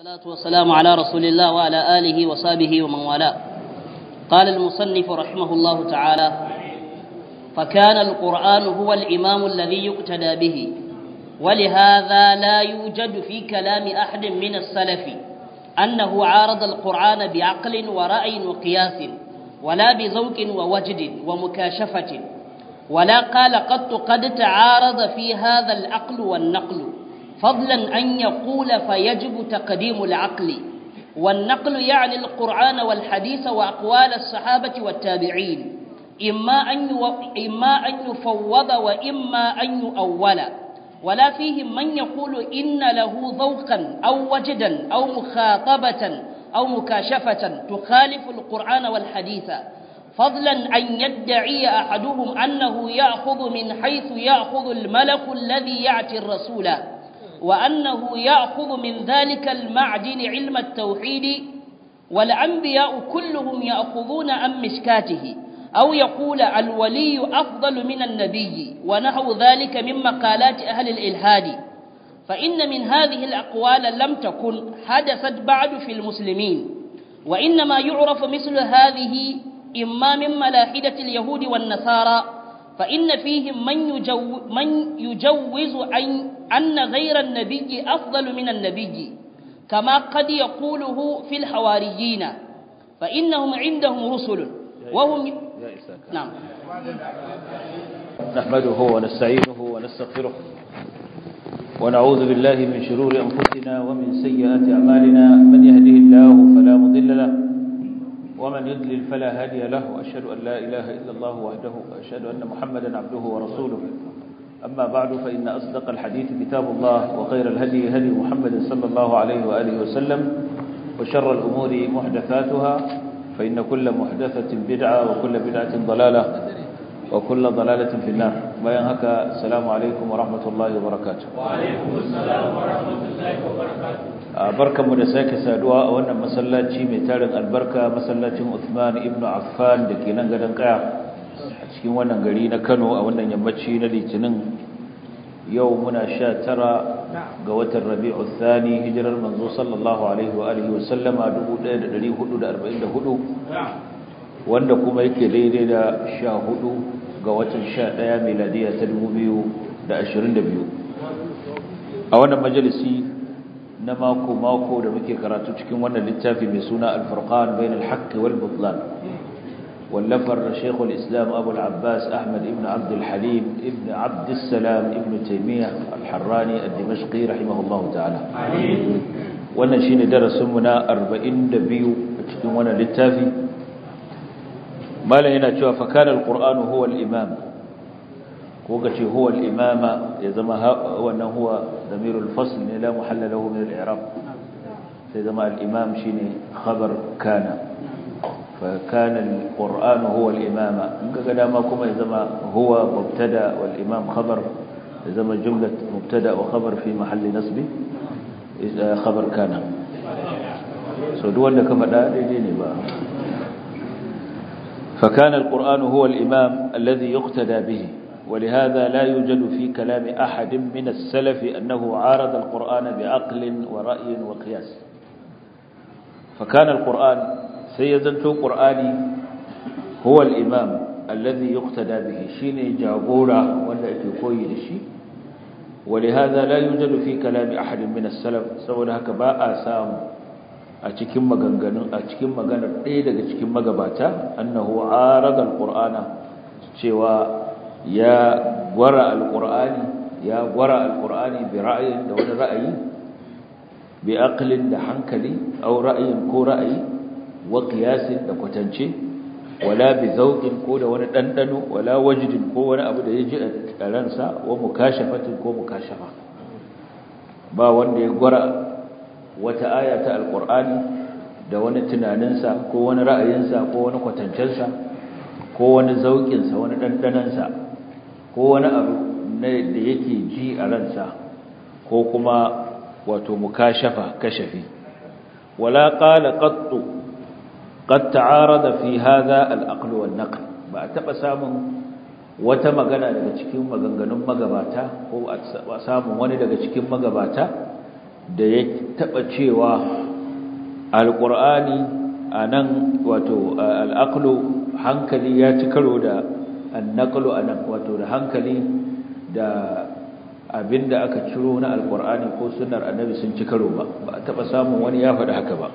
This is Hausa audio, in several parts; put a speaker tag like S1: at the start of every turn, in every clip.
S1: والصلاة والسلام على رسول الله وعلى آله وصحبه ومن والاه قال المصنف رحمه الله تعالى فكان القرآن هو الإمام الذي يقتدى به ولهذا لا يوجد في كلام أحد من السلف أنه عارض القرآن بعقل ورأي وقياس ولا بذوق ووجد ومكاشفة ولا قال قط قد تعارض في هذا العقل والنقل فضلا أن يقول فيجب تقديم العقل والنقل يعني القرآن والحديث وأقوال الصحابة والتابعين إما أن, إما أن يفوض وإما أن يؤول ولا فيه من يقول إن له ذوقا أو وجدا أو مخاطبة أو مكاشفة تخالف القرآن والحديث فضلا أن يدعي أحدهم أنه يأخذ من حيث يأخذ الملك الذي يعتي الرسول وأنه يأخذ من ذلك المعدن علم التوحيد والأنبياء كلهم يأخذون عن مشكاته أو يقول الولي أفضل من النبي ونحو ذلك من مقالات أهل الإلهاد فإن من هذه الأقوال لم تكن حدثت بعد في المسلمين وإنما يعرف مثل هذه إما من ملاحدة اليهود والنصارى فإن فيهم من, يجو من يجوز أن, أن غير النبي أفضل من النبي كما قد يقوله في الحواريين فإنهم عندهم رسل وهم نعم
S2: نحمده ونستعينه
S3: ونستغفره ونعوذ بالله من شرور أنفسنا ومن سيئات أعمالنا من يهده الله فلا مضل له ومن يدلل فلا هادي له وأشهد أن لا إله إلا الله وحده وأشهد أن محمدا عبده ورسوله أما بعد فإن أصدق الحديث كتاب الله وخير الهدي هدي محمد صلى الله عليه وآله وسلم وشر الأمور محدثاتها فإن كل محدثة بدعة وكل بدعة ضلالة وكل ضلالة في النار ما ينهك السلام عليكم ورحمة الله وبركاته
S2: وعليكم السلام ورحمة الله وبركاته barkanmu da sake saduwa a wannan
S3: masallaci mai tarin albarka masallacin Uthman ibn Affan da ke nan gadon kaya a cikin wannan gari na Kano a wannan yammaci na Litinin yau muna sha tara ga watan Rabi'u Thani hijirar manzo sallallahu alaihi wa alihi wa sallama 1444 wanda kuma yake daidai da sha hudu ga watan sha ɗaya miladiya ta dubu biyu da ashirin da biyu a wannan majalisi na mako mako da muke karatu cikin wannan littafi mai suna alfurkan bayan bain wal butlan wallafar shaykhul islam abu abbas ahmad ibn abd ibn abd salam ibn taymiyyah al-harrani ad-dimashqi rahimahullahu ta'ala wannan shine darasin mu na 42 a cikin wannan littafi malam yana cewa fa kana huwa al-imam وقتي هو الإمامة إذا ما هو أنه هو ضمير الفصل لا محل له من الإعراب إذا ما الإمام شيني خبر كان فكان القرآن هو الإمامة كما كما إذا ما هو مبتدا والإمام خبر إذا ما جملة مبتدا وخبر في محل نصب خبر كان
S2: سودوان كما ديني با
S3: فكان القرآن هو الإمام الذي يقتدى به ولهذا لا يوجد في كلام أحد من السلف أنه عارض القرآن بعقل ورأي وقياس فكان القرآن سيزنت قرآني هو الإمام الذي يقتدى به شيني جابورة ولا يكوي لشي ولهذا لا يوجد في كلام أحد من السلف سوى هكا سام أتكم مغنغن أتكم مغنغن أتكم مغنغن أنه عارض القرآن cewa ya gwara Alƙur'ani ya gwara Alƙur'ani bi ra'ayin da wani ra'ayi bi aqlin da hankali aw ra'ayin ko ra'ayi wa qiyasin da kwatance wala bi zawqin ko da wani dandano wala wajdin ko wani abu da yaji a ransa wa mukashafatin ko mukashafa ba wanda ya gwara wata aya ta Alƙur'ani da wani tunaninsa ko wani ra'ayinsa ko wani kwatancensa ko wani zauƙinsa wani ɗanɗanansa ko wani abu da yake ji a ransa ko kuma wato mukashafa kashafi wala qala qattu qad ta'arada fi hadha al-aql wal naql ba taba samun wata magana daga cikin maganganun magabata ko ba samun wani daga cikin magabata da ya taba cewa al-qur'ani anan wato al-aql hankali ya ci karo da annaqlu anan wato da hankali da abinda aka ciro na alqur'ani ko sunnar annabi sun ci karo ba ba a taba samun wani ya faɗi haka ba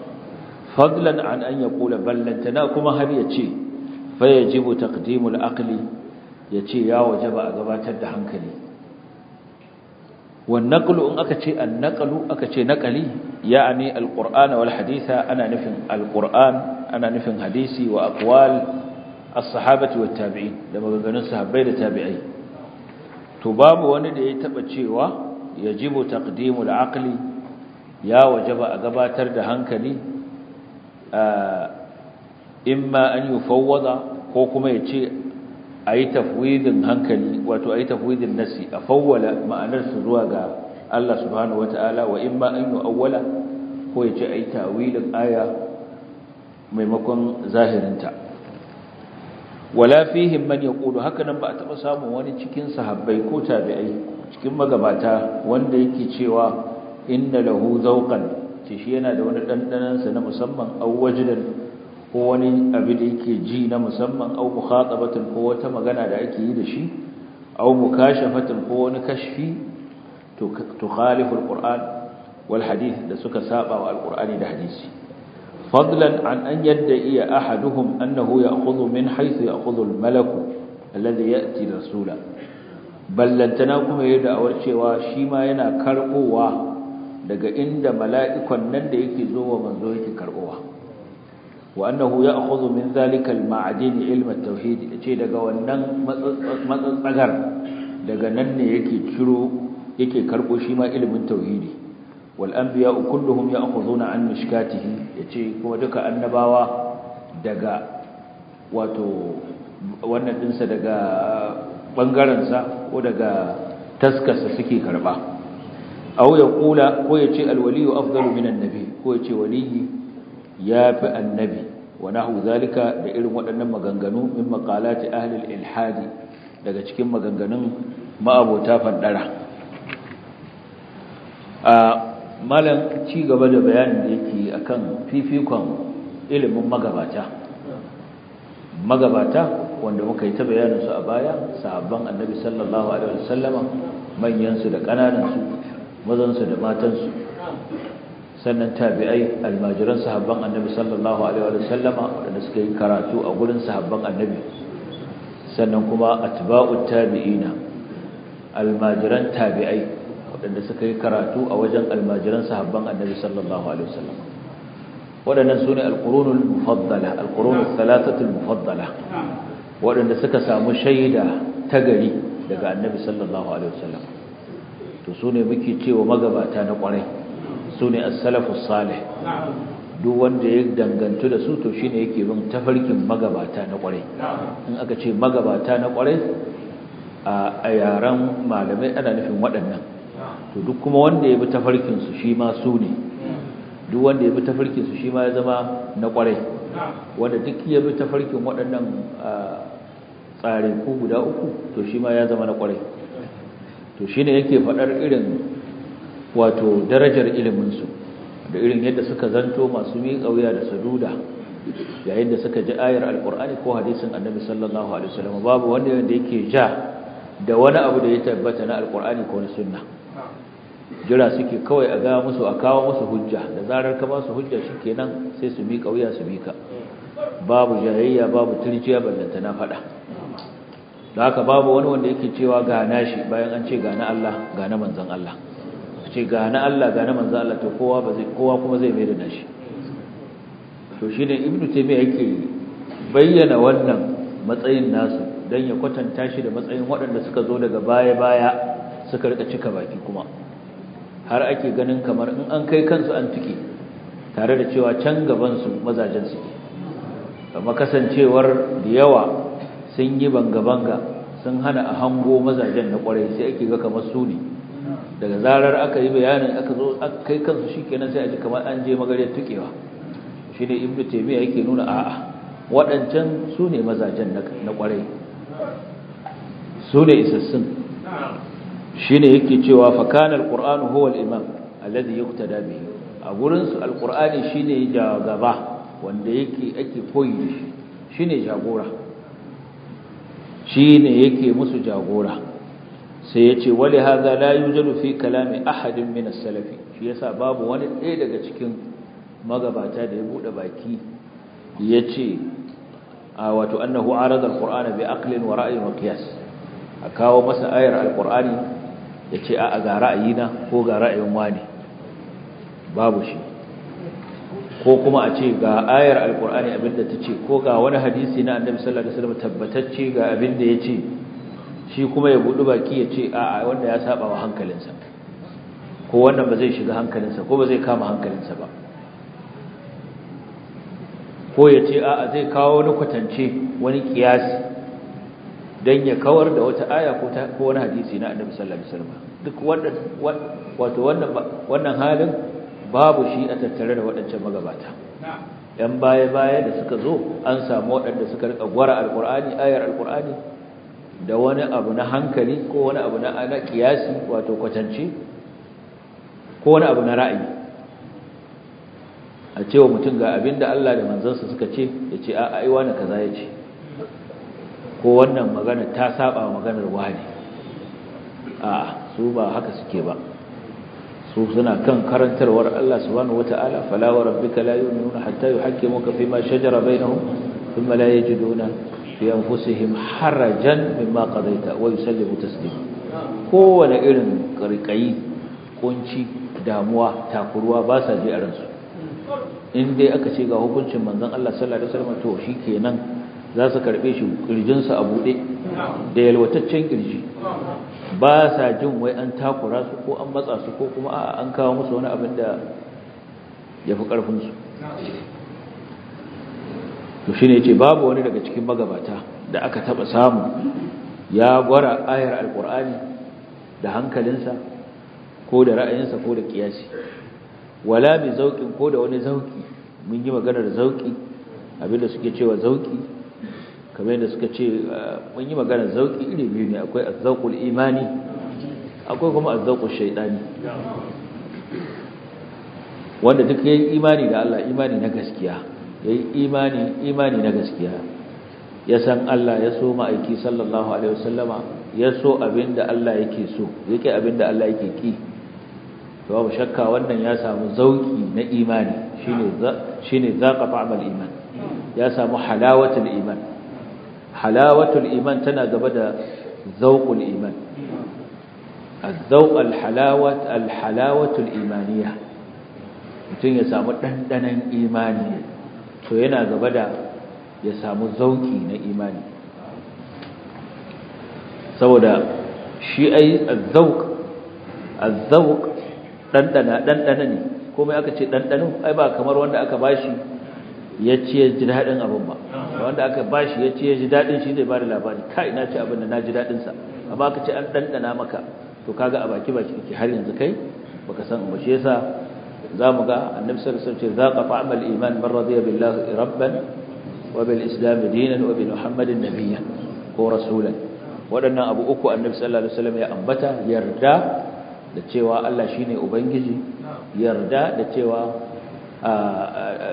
S3: fadlan an an yaqula ballantana kuma har ya ce fa yajibu taqdimul aqli ya ce ya wajaba a gabatar da hankali wan naqlu in aka ce an naqlu aka ce naqali ya'ani alqur'ana wal haditha ana nufin alqur'an ana nufin hadisi wa aqwal as-sahabati wa tabi'in da maganganun sahabbai da tabi'ai to babu wani da ya taba cewa yajibu taqdimul aqli ya wajaba a gabatar da hankali imma an yufawwada ko kuma ya ce a yi tafwidin hankali wato a yi tafwidin nasi a fawwala ma'anarsu zuwa ga Allah subhanahu wa ta'ala wa imma an yi awwala ko ya ce a yi tawilin aya maimakon zahirinta wala fihim man yaqulu hakanan ba a taba samun wani cikin sahabbai ko tabi'ai cikin magabata wanda yake cewa inna lahu zawqan ce shi yana da wani dandanan sa na musamman aw wajdan ko wani abu da yake ji na musamman aw mukhatabatan ko wata magana da ake yi da shi aw mukashafatan ko wani kashfi to tukhalifu alquran wal hadith da suka saba wa alqurani da hadisi فضلا عن أن يدعي أحدهم أنه يأخذ من حيث يأخذ الملك الذي يأتي رسولا ballantana kuma ya da'awar cewa shi ma yana karbowa daga inda mala'ikon nan da yake zo wa manzo yake karbowa wa annahu ya'khudhu min zalika al-ma'adin ilm at ce daga wannan matsatsagar daga nan ne yake karɓo yake shi ma ilimin tauhidi wal anbiya kulluhum ya'khuduna an mishkatihi yace kuma duka annabawa daga wato wannan dinsa daga bangaren sa ko daga taskarsa suke karba aw ya kula ko yace al waliyu afdalu min annabi ko yace waliyi yafi annabi wa nahu zalika da irin waɗannan maganganu min maqalati ahli al ilhadi daga cikin maganganun ma'abota faddara malam ci gaba da bayanin da yake akan fifikon ilimin magabata magabata wanda muka yi ta bayanin su a baya sahabban annabi sallallahu alaihi wasallama manyan su da kananan su mazan su da matan su sannan tabi'ai almajiran sahabban annabi sallallahu alaihi wasallama wanda suka yi karatu a gurin sahabban annabi sannan kuma atba'ut tabi'ina almajiran tabi'ai waɗanda suka yi karatu a wajen almajiran sahabban annabi sallallahu alaihi wasallam waɗannan sune alqurunul mufaddala alqurunul thalathatul mufaddala waɗanda suka samu shaida ta gari daga annabi sallallahu alaihi wasallam to sune muke cewa magabata na kwarai sune as-salafus salih duk wanda ya dangantu da su to shine yake bin tafarkin magabata na kwarai in aka ce magabata na kwarai a yaran malamai ana nufin waɗannan to duk kuma wanda ya bi tafarkin su shi ma su ne duk wanda ya bi tafarkin su shi ma ya zama na kwarai wanda duk ya bi tafarkin waɗannan tsare ko guda uku to shi ma ya zama na kwarai to shine yake faɗar irin wato darajar ilimin su da irin yadda suka zanto masu miƙa wuya da saduda yayin da suka ji ayar Alƙur'ani ko hadisin annabi sallallahu alaihi wasallam babu wanda yake ja da wani abu da ya tabbata na alkur'ani ko na sunna jira suke kawai a gaya musu a kawo musu hujja da zarar ka ba su hujja kenan sai su miƙa wuya su miƙa babu jarayya babu turjiya ballanta na faɗa da haka babu wani wanda yake cewa gana shi bayan an ce gana Allah gana manzon Allah ce gana Allah gana manzon Allah to kowa ba zai kowa kuma zai mai da nashi to shi ne ibnu taymiya yake bayyana wannan matsayin nasu dan ya kwatanta shi da matsayin waɗanda suka zo daga baya baya suka rika cika baki kuma har ake ganin kamar in an kai kansu an tuke tare da cewa can gabansu mazajen suke amma kasancewar da yawa sun yi banga-banga sun hana a hango mazajen na kwarai sai ake ga kamar su ne daga zarar aka yi bayanin aka zo aka kai kansu shikenan sai a ji kamar an je magariyar tukewa ne ibnu taymiya yake nuna a'a waɗancan su ne mazajen na kwarai su ne isassun ne yake cewa fa kana alquran huwa Alladhi alladhi yuqtada bihi a gurin su alqurani shine gaba wanda yake ake koyi da shi ne jagora ne yake musu jagora sai yace wali hadha la yujadu fi kalami ahadin min salafi shi yasa babu wani ɗaya daga cikin magabata da ya bude baki yace wato annahu arada alqur'ana bi aklin wa ra'ayin wa a kawo masa ayar alqur'ani ya ce a ga ra'ayina ko ga ra'ayin wani babu shi ko kuma a ce ga ayar alkur'ani abinda ta ce ko ga wani hadisi na annabi sallallahu alaihi wasallam tabbatacce ga abinda ya ce shi kuma ya budu baki ya ce a wanda ya saba wa hankalinsa ko wannan ba zai shiga hankalinsa ko ba zai kama hankalinsa ba ko ya ce a zai kawo wani kwatance wani kiyasi don ya kawar da wata aya ko wani hadisi na annabi sallallahu alaihi wasallam duk wannan wannan wannan halin babu shi a tattare da waɗancan magabata yan baya baya da suka zo an samu waɗanda suka rika gwara alqur'ani ayar alqur'ani da wani abu na hankali ko wani abu na ana kiyasi wato kwatance ko wani abu na ra'ayi a cewa mutum ga abinda Allah da manzansa suka ce ya ce a'a ai wani kaza ya ce ko wannan magana ta saba maganar wani a su ba haka suke ba su suna kan karantarwar Allah subhanahu wata'ala fala wa rabbika la yu'minuna hatta yuhaqqimuka ma shajara bainahum thumma la yajiduna fi anfusihim harajan mimma qadaita wa yusallimu taslima kowane irin karkayi kunci damuwa takuruwa ba sa ji a ransu in dai aka ce ga hukuncin manzon Allah sallallahu alaihi wasallam to shikenan za su karbe shi kirjinsa a buɗe da yalwataccen kirji ba sa jin wai an takura su ko an matsa su ko kuma a an kawo musu wani abin da ya fi ƙarfinsu to shi ne ce babu wani daga cikin magabata da aka taɓa samu ya gwara ayar alƙur'ani da hankalinsa ko da ra'ayinsa ko da ƙiyasi wala mai zauƙin ko da wani zauƙi mun yi maganar zauƙi abinda suke cewa zauƙi kamar yadda suka ce ah, mun yi magana zauki iri biyu ne akwai azzaqul imani akwai kuma azzaqul shaytani wanda duk yayin imani da Allah imani na gaskiya yayin imani imani na gaskiya ya san Allah ya so ma'aiki sallallahu alaihi wasallama ya so abinda Allah yake so yake abinda Allah yake ki to babu shakka wannan ya samu zauki na imani shine shine zaqa fa'al iman ya samu halawatul iman halawatul iman tana gaba da zauqul iman az halawat mutum ya samu dandanan imani to yana gaba da ya samu zauki na imani saboda shi ai az-zauq az dandana ne komai aka ce dandano ai ba kamar wanda aka bashi ya ce ya ji daɗin abin ba wanda aka ba shi ya ce ya ji daɗin shi zai ba da labari ka ina ce abin da na ji daɗinsa amma ka ce an ɗanɗana maka to kaga a baki baki kake har yanzu kai baka san ba shi yasa za mu ga annabi sallallahu alaihi wasallam zaqa Amal, iman man radiya billahi rabban wa bil islam dinan wa bi muhammadin nabiyyan ko rasulan waɗannan abu uku annabi sallallahu alaihi wasallam ya ambata yarda da cewa Allah shine ubangiji yarda da cewa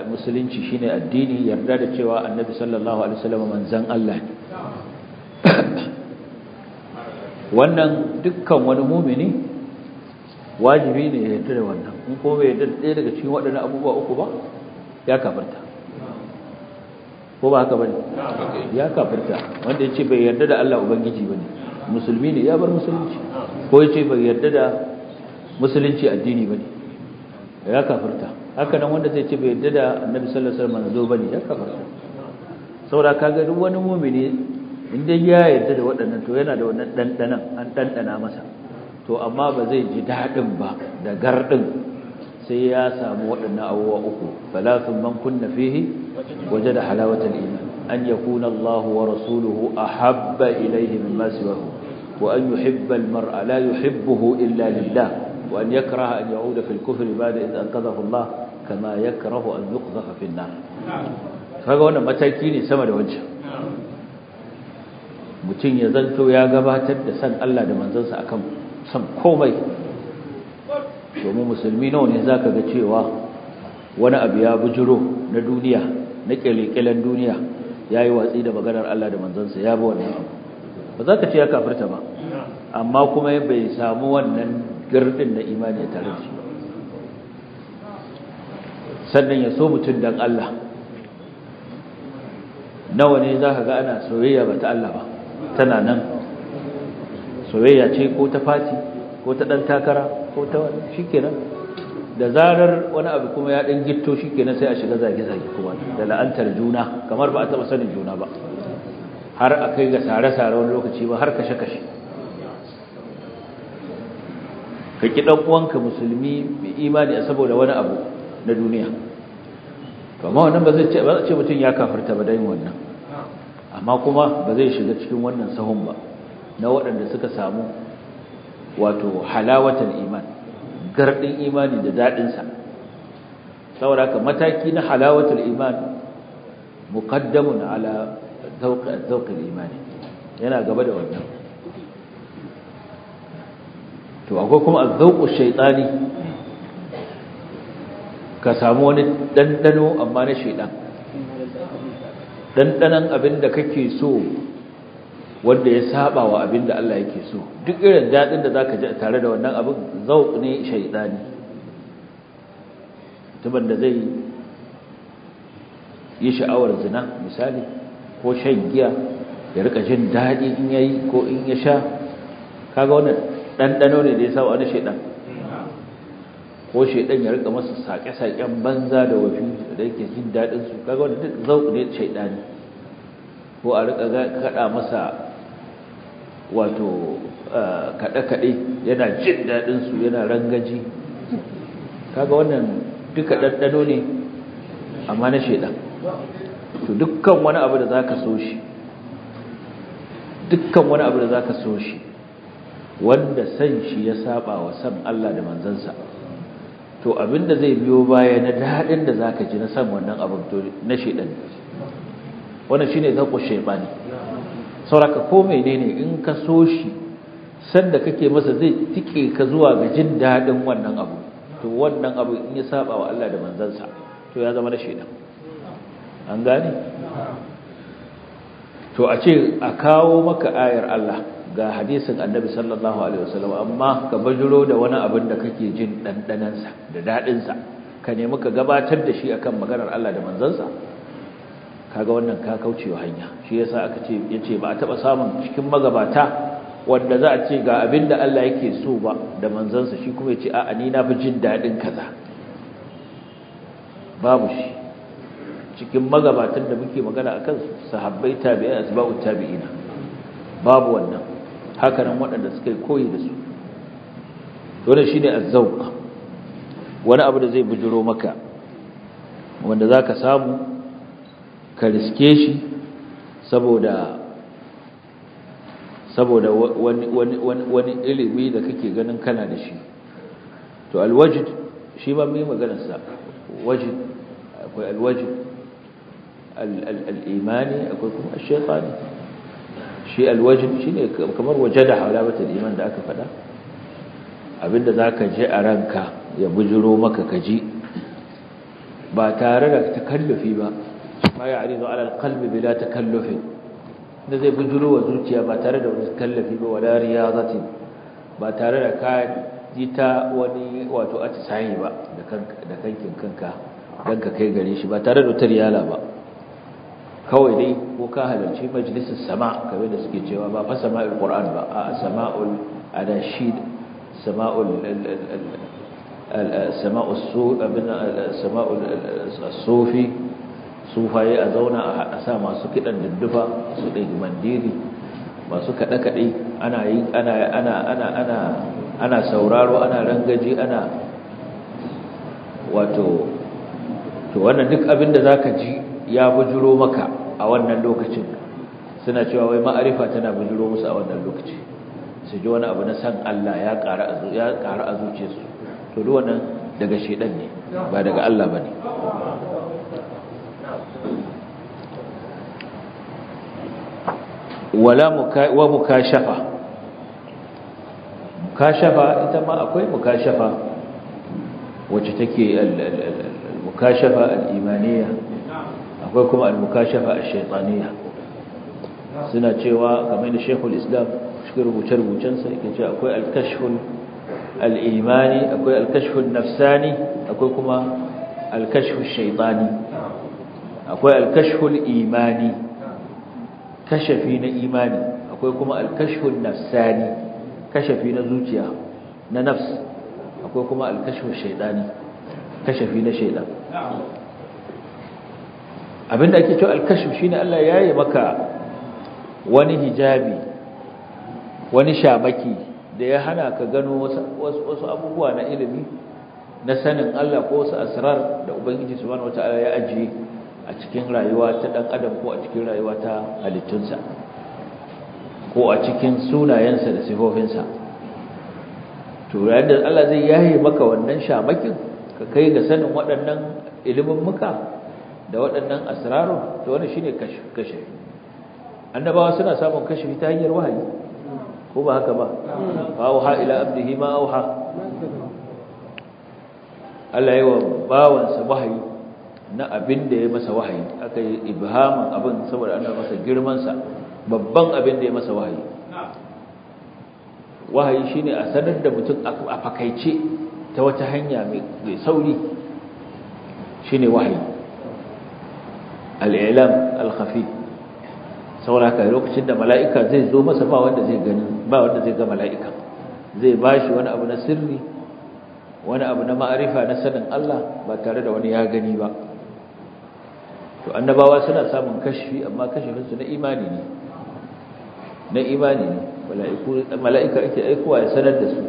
S3: musulunci shine addini yarda da cewa annabi sallallahu alaihi wasallam manzon Allah wannan dukkan wani mumini wajibi ne ya yarda da wannan in kuma bai yarda ɗaya daga cikin waɗannan abubuwa uku ba ya kafirta ko ba haka bane ya kafirta wanda yace bai yarda da Allah ubangiji bane musulmi ne ya bar
S2: musulunci ko
S3: yace bai yarda da musulunci addini bane ya kafirta haka nan wanda zai ce bai yadda da annabi sallallahu alaihi wasallam zo bane ya kafarta saboda kaga duk wani mu'mini inda ya yadda da waɗannan to yana da wannan dandanan an dandana masa to amma ba zai ji dadin ba da gardin sai ya samu waɗannan abubuwa uku falafin man kunna fihi wajada halawatal iman an yakuna Allah wa rasuluhu ahabba ilayhi mimma siwahu wa an yuhibba al-mar'a la yuhibbuhu illa lillah وأن يكره أن يعود في الكفر بعد إذ أنقذه الله كما يكره أن يقذف في النار فقالنا متاكيني سمد وجه mutum ya zanto ya gabatar da san Allah da manzansa akan san komai domin musulmi nawa ne zaka ga cewa wani abu ya bujiro na duniya na kyalekyalen duniya ya yi watsi da maganar Allah da manzansa ya bi wannan abu ba za ka ce ya kafirta ba amma kuma bai samu wannan girdin na imani ya tare shi sannan ya so mutum dan Allah nawa ne za ka ga ana soyayya ba ta Allah ba tana nan soyayya ce ko ta fati ko ta ɗan takara ko ta wani shi da zarar wani abu kuma ya ɗan gitto shi kenan sai a shiga zage-zage kuma da la'antar juna kamar ba a taɓa sanin juna ba har a kai ga sare-sare wani lokaci ba har kashe-kashe ka ki dan uwanka musulmi mai imani saboda wani abu na duniya to amma wannan ba zai ce ba ce mutun ya kafirta ba dai wannan amma kuma ba zai shiga cikin wannan sahun ba na waɗanda suka samu wato halawatul iman gardin imani da dadin sa saboda ka mataki na halawatul iman muqaddamun ala zauqi zauqi imani yana gaba da wannan to akwai kuma azzauqu shaytani ka samu wani ɗanɗano amma na shaytan dandanan abinda kake so wanda ya saba wa abinda Allah yake so duk irin daɗin da zaka ji tare da wannan abin zauq ne shaytani tuban da zai yi sha'awar zina misali ko shan giya ya rika jin daɗi in yayi ko in ya sha kaga wannan ɗanɗano ne da ya sa wani shaidan ko shaidan ya rika masa saƙe-saƙen banza da wafi da yake jin daɗin su kaga wani duk zau ne ne. ko a rika kaɗa masa wato kaɗe-kaɗe yana jin daɗin su yana rangaji kaga wannan duka ɗanɗano ne amma na shaidan to dukkan wani abu da za ka so shi dukkan wani abu da za ka so shi wanda san shi ya saba wa san Allah da manzansa to abinda zai biyo baya na dadin da zaka ji na san wannan abin to na shedan wannan shine zakko shebani sauraka ko menene in ka so shi sanda kake masa zai tike ka zuwa ga jin dadin wannan abu to wannan abu in ya saba wa Allah da manzansa to ya zama na shedan an gane to a ce a kawo maka ayar Allah ga hadisin annabi sallallahu alaihi wasallam amma ka bajiro da wani abin da kake jin dandanansa da dadinsa ka nemi ka gabatar da shi akan maganar Allah da manzansa kaga wannan ka kaucewa hanya shi yasa aka ce yace ba a taba samun cikin magabata wanda za a ce ga abin da Allah yake so ba da manzansa shi kuma yace a'a ni na fi jin dadin kaza babu shi cikin magabatan da muke magana akan sahabbai tabi'in asba'ut tabi'ina babu wannan haka nan waɗanda suka yi koyi da su dole shine azzauq wani abu da zai bujiro maka wanda zaka samu ka riske shi saboda saboda wani ilimi da kake ganin kana da shi to alwajd shi ba mai maganar sa wajd akwai alwajd al-imani akwai kuma ash shi alwajin shi ne kamar waje da halabata iman da aka faɗa abinda za ka je a ranka ya bujiro maka ka ji ba tare da ta takallufi ba ma ya arizo alal kalbi bila takallufin da zai bujiro wa zuciya ba tare da wani takallufi ba wala riyazati ba tare da ka ji ta wani wato atisayi ba da kankin kanka don ka kai gare shi ba tare da wata riyala ba kawai dai ko ka halarci majalisar sama kamar da suke cewa ba fa sama'ul qur'an ba a sama'ul adashid sama'ul sama'ul sufi abin sama'ul sufi sufaye a zauna a sa masu kidan duddufa su dai mandiri masu kada kadai ana yi ana ana ana ana ana sauraro ana rangaji ana wato to wannan duk abinda zaka ji ya bujuro maka a wannan lokacin suna cewa wai ma'arifa tana bujiro musu a wannan lokaci su ji wani abu na san Allah ya ƙara a zuciyarsu to duk wannan daga shedan ne ba daga Allah bane wala wa mukashafa mukashafa ita ma akwai mukashafa wacce take al-mukashafa al-imaniyya akwai kuma al-mukashafa ash-shaytaniyya suna cewa kamar da Sheikhul Islam cikin rubuce-rubucensa yake cewa akwai al-kashful al-imani akwai al-kashful nafsani akwai kuma al-kashful shaytani akwai al-kashful imani kashafi na imani akwai kuma al-kashful nafsani kashafi na zuciya na nafs akwai kuma al-kashful shaytani kashafi na shaytan abinda ake cewa alkashu shine Allah ya yi maka wani hijabi wani shamaki da ya hana ka gano wasu abubuwa na ilimi na sanin Allah ko wasu asrar da ubangiji subhanahu wataala ya ajiye a cikin rayuwa ta dan adam ko a cikin rayuwa ta halittunsa ko a cikin sunayensa da sifofinsa to yayin da Allah zai yaye maka wannan shamakin ka kai ga sanin waɗannan ilimin muka da waɗannan asrarun wani shi ne kashe. annabawa suna samun kashe ta hanyar wahayi ko ba haka ba fa ila abdihi ma auha Allah yi wa bawansa wahayi na abin da ya masa wahayi aka yi ibhamin abin saboda ana masa girmansa babban abin da ya masa wahayi wahayi shi ne a sanar da mutum a fakaice ta wata hanya mai sauri Shi ne wahayi al'ilam al-khafi sauraka lokacin da mala'ika zai zo masa ba wanda zai gani ba wanda zai ga mala'ika zai bashi wani abu na sirri wani abu na ma'arifa na sanin Allah ba tare da wani ya gani ba to annabawa suna samun kashfi amma kashfinsu na imani ne na imani ne mala'ika ake aikowa ya sanar da su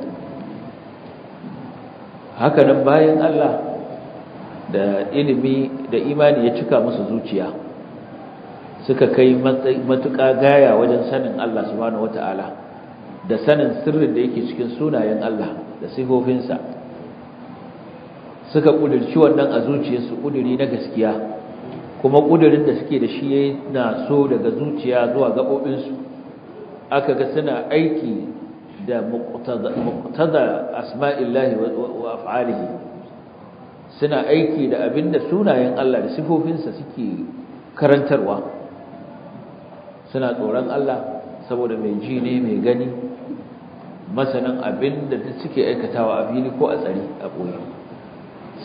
S3: Hakanan bayan Allah da ilimi da imani ya cika musu zuciya suka kai matuƙa gaya wajen sanin Allah subhanahu wata'ala da sanin sirrin da yake cikin sunayen Allah da sifofinsa suka ƙudurci wannan a zuciyarsu ƙuduri na gaskiya kuma ƙudurin da suke da shi ya na so daga zuciya zuwa gaɓoɓinsu aka ga suna aiki da muqtada asma'illahi wa af'alihi suna aiki da abin da sunayen Allah da sifofinsa suke karantarwa suna tsoron Allah saboda mai ji ne mai gani masanin abin da duk suke aikatawa a fili ko a tsari a ɓoye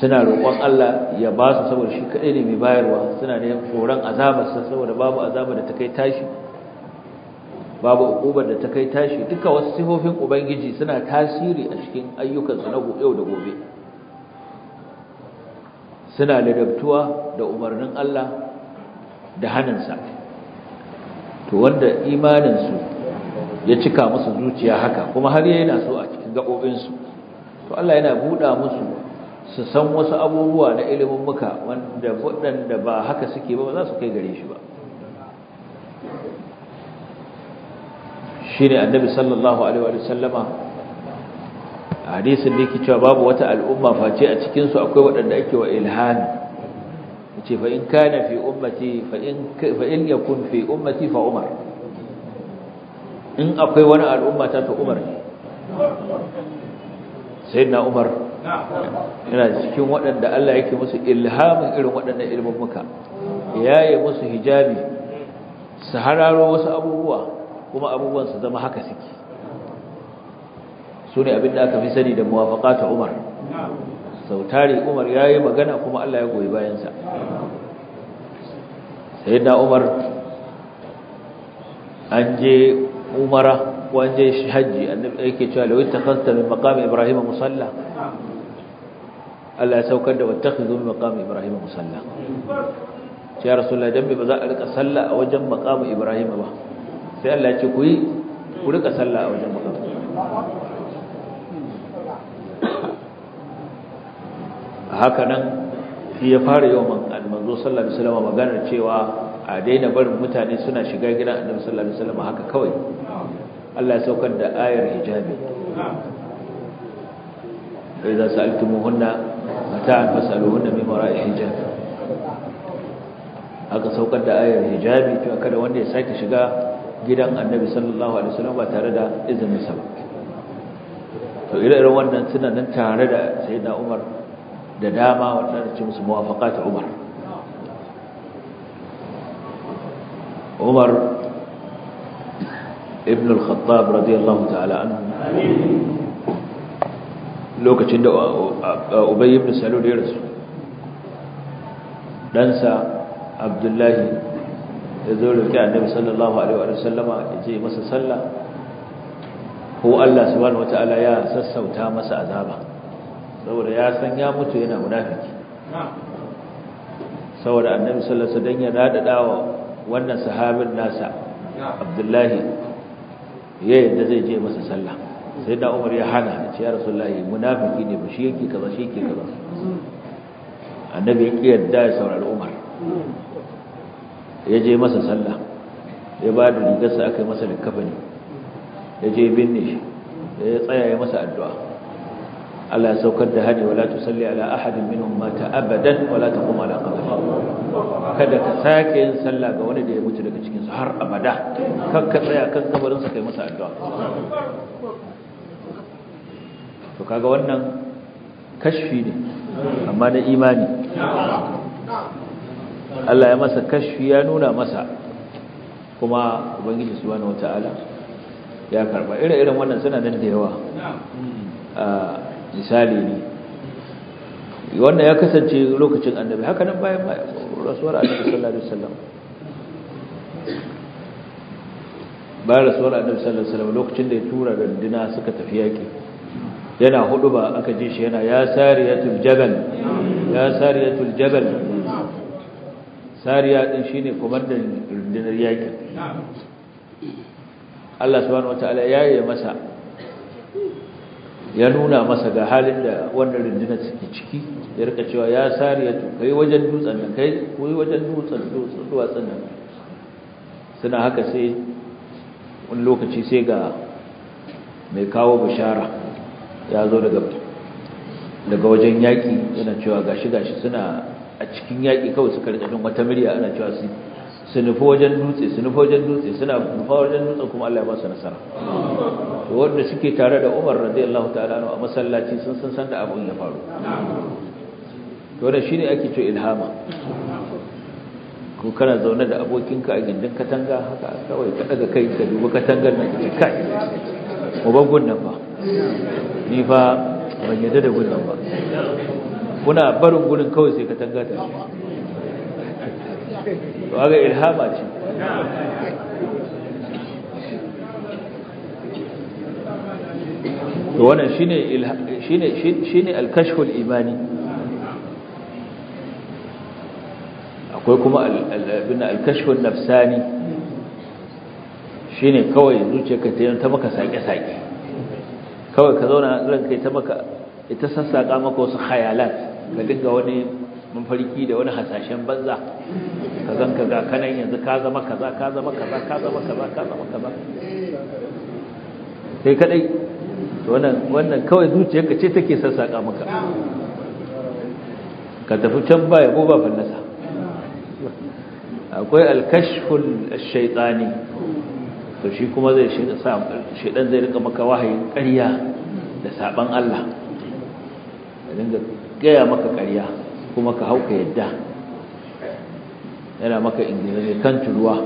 S3: suna roƙon Allah ya ba su saboda shi kaɗai ne mai bayarwa suna da tsoron azabarsa saboda babu azabar da ta kai tashi babu uƙubar da ta kai tashi duka wasu sifofin ubangiji suna tasiri a cikin ayyukansu na yau da gobe suna ladabtuwa da umarnin Allah da hannunsa to wanda imaninsu ya cika musu zuciya haka kuma har yana so a cikin gaɓoɓinsu to Allah yana buɗa musu su san wasu abubuwa na ilimin muka wanda waɗanda ba haka suke ba za su kai gare shi ba shi ne annabi sallallahu alaihi wa sallama
S2: hadisin da yake cewa babu wata al'umma face a cikinsu akwai waɗanda ake wa ilhani yace fa in kana fi ummati fa in fa in yakun fi ummati fa umar
S3: in akwai wani al'umma ta ta umar ne na umar yana cikin waɗanda Allah yake musu ilhamin irin waɗanda ilmin muka yaye musu hijabi su hararo wasu abubuwa kuma abubuwan su zama haka suke su ne abin da aka fi sani da ta Umar sau tare Umar yi magana kuma Allah ya goyi bayansa Sai na Umar an je umara ko an je shi haji annabi yake cewa law ittakhadta min maqami ibrahim musalla Allah ya saukar da wattakhidhu min maqami ibrahim musalla ya rasulullahi dan ba za a rika salla a wajen maqami ibrahim ba sai Allah ya ce ku yi ku rika salla a wajen
S2: maqami haka nan
S3: shi ya fara yawan almanzo sallallahu alaihi wasallam maganar cewa a daina barin mutane suna shiga gidan annabi sallallahu alaihi wasallam haka kawai Allah ya saukar da ayar hijabi fa idza sa'altumuhunna mata'an fas'aluhunna min wara'i hijab Haka saukar da ayar hijabi to kada wanda ya sake shiga gidan annabi sallallahu alaihi wasallam ba tare da izinin sa ba to ire-iren wannan suna nan tare da sayyida Umar da dama waɗanda ce musu muwafaka ta umar umar ibn al-khattab radiyallahu ta'ala anhu lokacin da uh, uh, ubay ibn salul ya rasu ɗansa abdullahi ya zo roƙi annabi sallallahu alaihi wa sallama ya ce masa sallah
S1: ko Allah subhanahu wataala ya
S3: sassauta masa azaba saboda ya san ya mutu yana munafiki saboda annabi sallallahu alaihi wasallam ya wa wannan sahabin nasa Abdullahi ya yadda zai je masa sallah sai da Umar ya hana ce ya Rasulullahi munafiki ne ba shi yake kaza shi yake kaza annabi ya kiyarda ya saurari Umar ya je masa sallah ya ba da rigarsa aka yi masa likafani ya je binne shi ya tsaya ya masa addu'a Allah ya saukar da hadi wala tusalli ala ahadin minhum mata abadan wala taqum ala
S2: qabri kada ka sake yin
S3: sallah ga wani da ya mutu daga cikin su har abada kar ka tsaya kan kabarin sa kai masa addu'a to kaga wannan kashfi ne amma da imani
S2: Allah ya masa kashfi ya nuna masa
S3: kuma ubangiji subhanahu wataala ya karba irin iren wannan suna nan da yawa ah, misali ne wannan ya kasance lokacin annabi haka nan bayan rasuwar annabi sallallahu alaihi wasallam bayan rasuwar annabi sallallahu alaihi wasallam lokacin da ya tura danduna suka tafi yaki yana hudu ba aka ji shi yana ya sariyatul jabal ya sariyatul jabal sariya din shine komandan rundunar yakin Allah subhanahu wataala ya yi masa ya nuna masa ga halin da wannan rundunar suke ciki ya rika cewa ya sariyatu kai wajen dutsen da, kai koyi wajen dutsen dutsen nan suna haka sai wani lokaci sai ga mai kawo bishara ya zo daga wajen yaƙi yana cewa gashi gashi suna a cikin yaƙi kawai suka rika jin wata murya ana cewa su su nufi wajen dutse su nufi wajen dutse suna nufa wajen dutse kuma Allah ya ba su nasara da wanda suke tare da Umar radiyallahu ta'ala a masallaci sun san san da abun ya faru to da shine ake to ilhama ko kana zaune da abokinka a gindin katanga haka kawai ka daga kai ka dubi katangar nan ki kai ko ubangun nan ba ni fa ban yadda da gudan ba kuna barin gurin kawai sai katanga ta
S2: to aga ilhama ce to wannan shine shine shine al-kashf al-imani
S3: akwai kuma al-abin al-kashf an-nafsani shine kawai zuciyarka ta ta maka sake-sake kawai ka zauna ranka ta maka ita sassaka maka wasu khayalat ka dinga wani mafarki da wani hasashen banza ka zan ka ga kanan yanzu ka zama kaza ka zama kaza ka zama kaza ka zama kaza sai kadai wannan wannan kawai zuciyarka ce take sassaka maka ka tafi can ba yabo ba fallasa akwai alkashful shaitani to shi kuma zai shaidan zai rika maka wahayin ƙarya da saban Allah dinga gaya maka ƙarya kuma ka hauka yadda yana maka ingilizai kan turuwa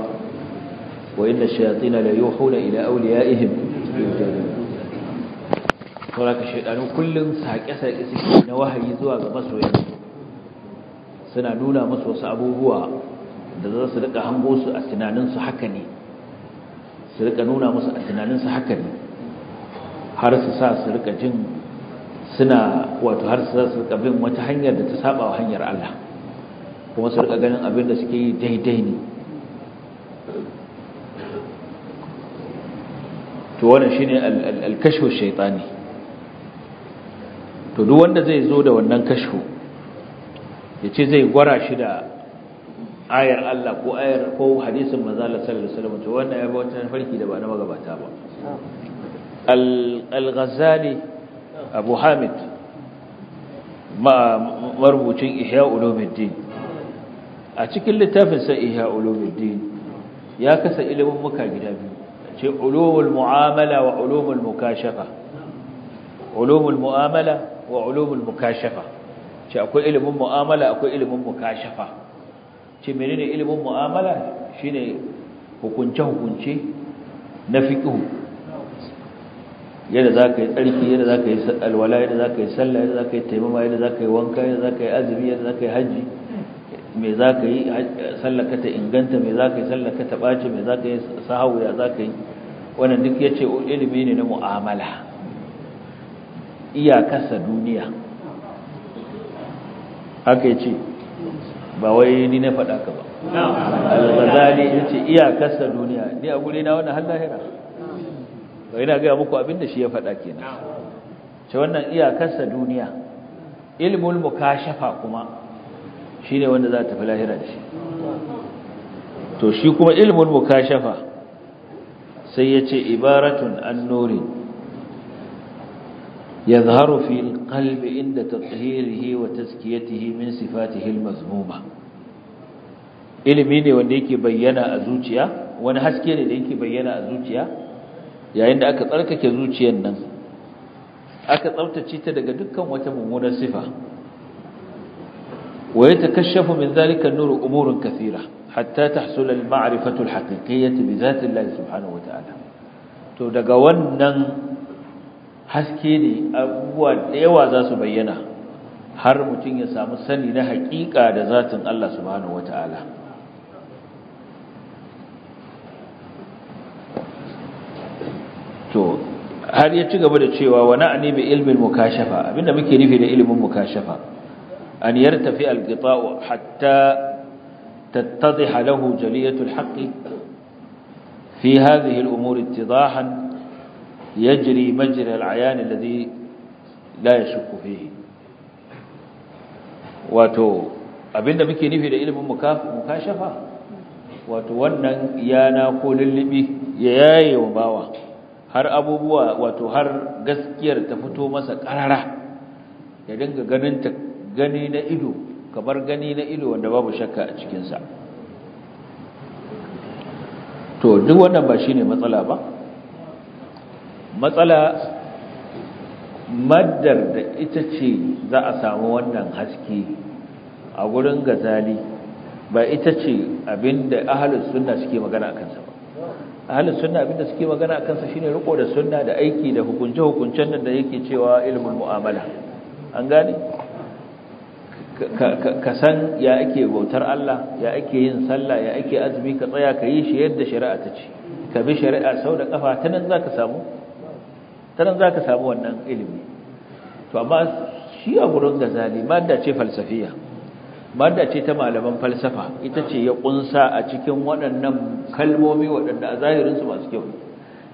S3: wa inda shayatina la yuhuna ila awliyaihim sauraka shaidanun kullum saƙe-saƙe suke na wahayi zuwa ga masoyansu suna nuna musu wasu abubuwa da za su rika hango su a tunaninsu haka ne su rika nuna musu a tunaninsu haka ne har su sa su rika jin suna wato har su sa su rika bin wata hanyar da ta saba wa hanyar Allah kuma su rika ganin abin da suke yi daidai ne to wannan shine al-kashfu shaytani to duk wanda zai zo da wannan kashfu ya ce zai gwara shi da ayar Allah ko ayar ko hadisin mazala sallallahu alaihi wasallam to wannan ya ba wata farki da ba na magabata ba al-Ghazali Abu Hamid marubucin Ihya Ulumuddin a cikin littafin sa Ihya Ulumuddin ya kasa ilimin muka gida biyu ce ulumul mu'amala wa ulumul mukashafa ulumul mu'amala wa ulumul mukashafa ce akwai ilimin mu'amala akwai ilimin mukashafa ce menene ilimin mu'amala shine hukunce hukunce na fiqh
S2: yadda zaka yi tsarki yadda zaka yi alwala yadda zaka yi sallah yadda zaka yi
S3: taimama yadda zaka yi wanka yadda zaka yi azumi yadda zaka yi haji me zaka yi sallaka ta inganta me zaka yi sallaka ta bace me zaka yi sahawu ya zaka yi wannan duk yace ilimi ne na mu'amala iyakarsa duniya haka yi ce ba wai ni na faɗa ka ba
S1: al-ghazali ya ce iyakarsa duniya
S3: ni a guri na wannan halahira lahira yana ina muku abin da shi ya faɗa kenan ce wannan iyakarsa duniya ilmul mukashafa kuma Shi ne wanda za ta fi lahira da shi to shi kuma ilmul mukashafa sai ya ce ibaratun an يظهر في القلب عند تطهيره وتزكيته من صفاته المذمومة ilimi ne wanda yake bayyana a zuciya wani haske ne da yake bayyana a zuciya yayin da aka tsarkake zuciyar nan aka tsaftace ta daga dukkan wata mummunar sifa
S2: wa yatakashshafu
S3: min zalika an-nur umurun kathira hatta tahsul al-ma'rifatu al-haqiqiyyah bi dhati Allah subhanahu wa ta'ala to daga wannan haske ne abubuwa da yawa za su bayyana har mutum ya samu sani na haƙiƙa da zatin Allah subhanahu wata'ala to har ya ci gaba da cewa wani a bi ilmin mukashafa abinda muke nufi da ilimin mukashafa an yartafi tafi qitau hatta tattadhiha lahu jaliyatul haqqi fi hazihi al-umuri يجري مجرى العيان الذي لا يشك فيه wato abinda muke nufi da ilimin mukashafa wato wannan yana ko lullubi ya yaye wa bawa har abubuwa wato har gaskiyar ta fito masa karara ya dinga ganin ta gani na ido kamar gani na ido wanda babu shakka a cikinsa to duk wannan ba shine matsala ba matsala maddar da ita ce za a samu wannan haske a gurin gazali ba ita ce abinda ahalus suna suke magana a kansa ba ahalus suna abinda suke magana a kansa shine riko da suna da aiki da hukunce hukuncen da yake cewa ilimin mu'amala an gane ka san ya ake bautar Allah ya ake yin sallah ya ake azumi ka tsaya ka yi shi yadda shari'a ta ce ka bi shari'a sau da kafa ta nan za ka samu tanan za ka samu wannan ilimi to amma shi a gurin gazali madda ce falsafiya madda ce ta malaman falsafa ita ce ya kunsa a cikin waɗannan kalmomi waɗanda a zahirinsu masu kyau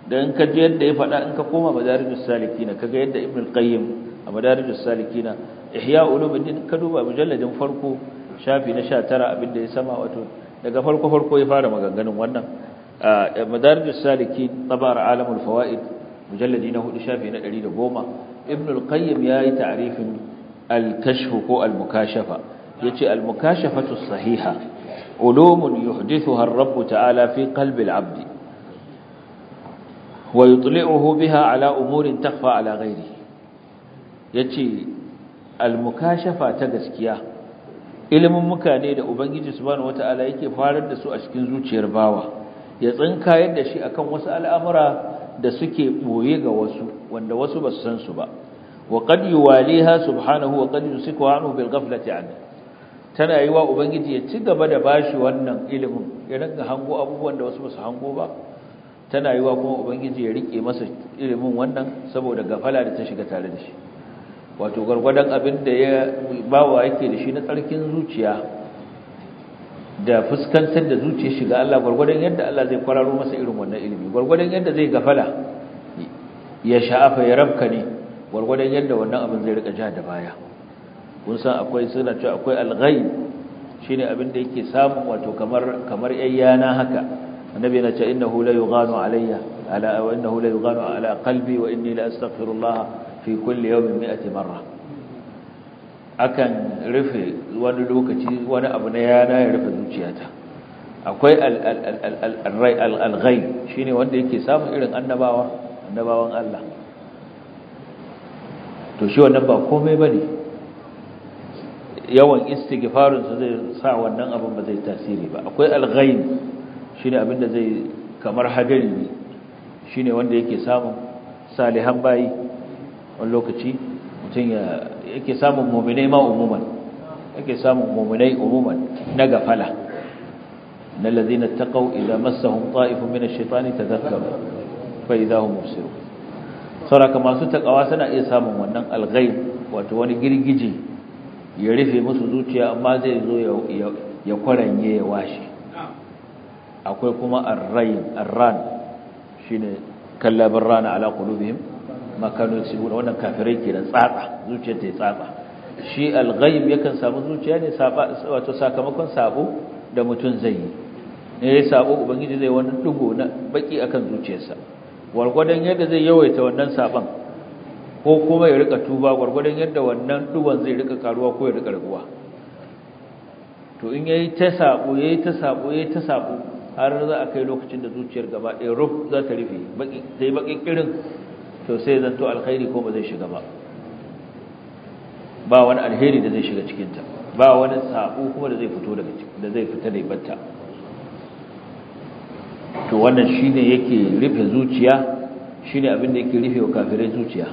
S3: don ka ji yadda ya faɗa in ka koma madarijus salikina ga yadda ibn al-qayyim a madarijus salikina ihya ulumuddin ka duba mujalladin farko shafi na 19 abin da ya sama wato daga farko farko ya fara maganganun wannan madarijus salikin tabar alamul fawaid mujalladi na hudu shafi na goma, ibn al ya yi ta'rifin al-kashf ko al ya yace al-mukashafatu sahiha ulumun yuhdithuha ar-rabb ta'ala fi qalbi al-'abd wa yutli'uhu biha ala umurin takhfa ala ghayrihi yace al-mukashafa ta gaskiya ilimin mukane da ubangiji subhanahu wataala yake farar da su a cikin zuciyar bawa ya tsinka yadda shi akan wasu al'amura da suke boye ga wasu wanda wasu ba su san su ba wa qad yuwaliha subhanahu wa qad yusiku anhu bil ghaflati an tana yi wa ubangiji ya ci gaba da bashi wannan ilimin ya rinka hango abubuwan da wasu ba su hango ba tana yi wa kuma ubangiji ya rike masa ilimin wannan saboda gafala da ta shiga tare da shi wato gargwadan abin da ya bawa yake da shi na tsarkin zuciya da fuskantar da zuciyar shiga Allah gurgurdan yadda Allah zai kwararo masa irin wannan ilimi gurgurdan yadda zai gafala ya sha'afa ya rabka ne gurgurdan yadda wannan abin zai rika ja da baya kun san akwai suna cewa akwai alghaib shine abin da yake samun wato kamar kamar ayyana haka annabi yana cewa innahu la yughanu alayya ala wa innahu la yughanu ala qalbi wa inni la astaghfirullah fi kulli yawmin 100 marra akan rufe wani lokaci wani abu na yana ya rufe zuciyata akwai al shi ne wanda yake samun irin annabawa annabawan Allah
S1: to shi wannan ba
S3: komai ba ne. yawan istighfarin zai sa wannan abin ba zai tasiri ba akwai al-ghaib shine abinda zai kamar hadari ne shine wanda yake samun salihan bayi wani lokaci mutum yake samun muminai ma umuman yake samun muminai umuman na gafala na lazina taqaw idza massahum ta'ifun min ash-shaytani tadhakkaru fa idza hum mubsirun saboda masu takawa suna iya samun wannan algai wato wani girgiji ya rufe musu zuciya amma zai zo ya kwaranye ya washe akwai kuma arrayn arran shine kallabin rana ala qulubihim makano sibuna wannan kafirai kenan tsatsa zuciyar ta tsatsa shi al-ghaib yakan samu zuciya ne wato sakamakon sabo da mutun zai yi ne ya sabo ubangiji zai wani dugo na baki akan zuciyarsa gwargwadon yadda zai yawaita wannan saban ko kuma ya rika tuba gwargwadon yadda wannan dugon zai rika karuwa ko ya rika raguwa to in yayi ta sabo yayi ta sabo yayi ta sabo har za a kai lokacin da zuciyar gaba ɗaya ruf za ta rufe baki sai baki kirin to sai zanto alkhairi ko ba zai shiga ba ba wani alheri da zai shiga cikinta ba wani sabo kuma da zai fito daga cikin da zai fita da batta to wannan shine yake rufe zuciya shine abin da yake rufe wa kafirai zuciya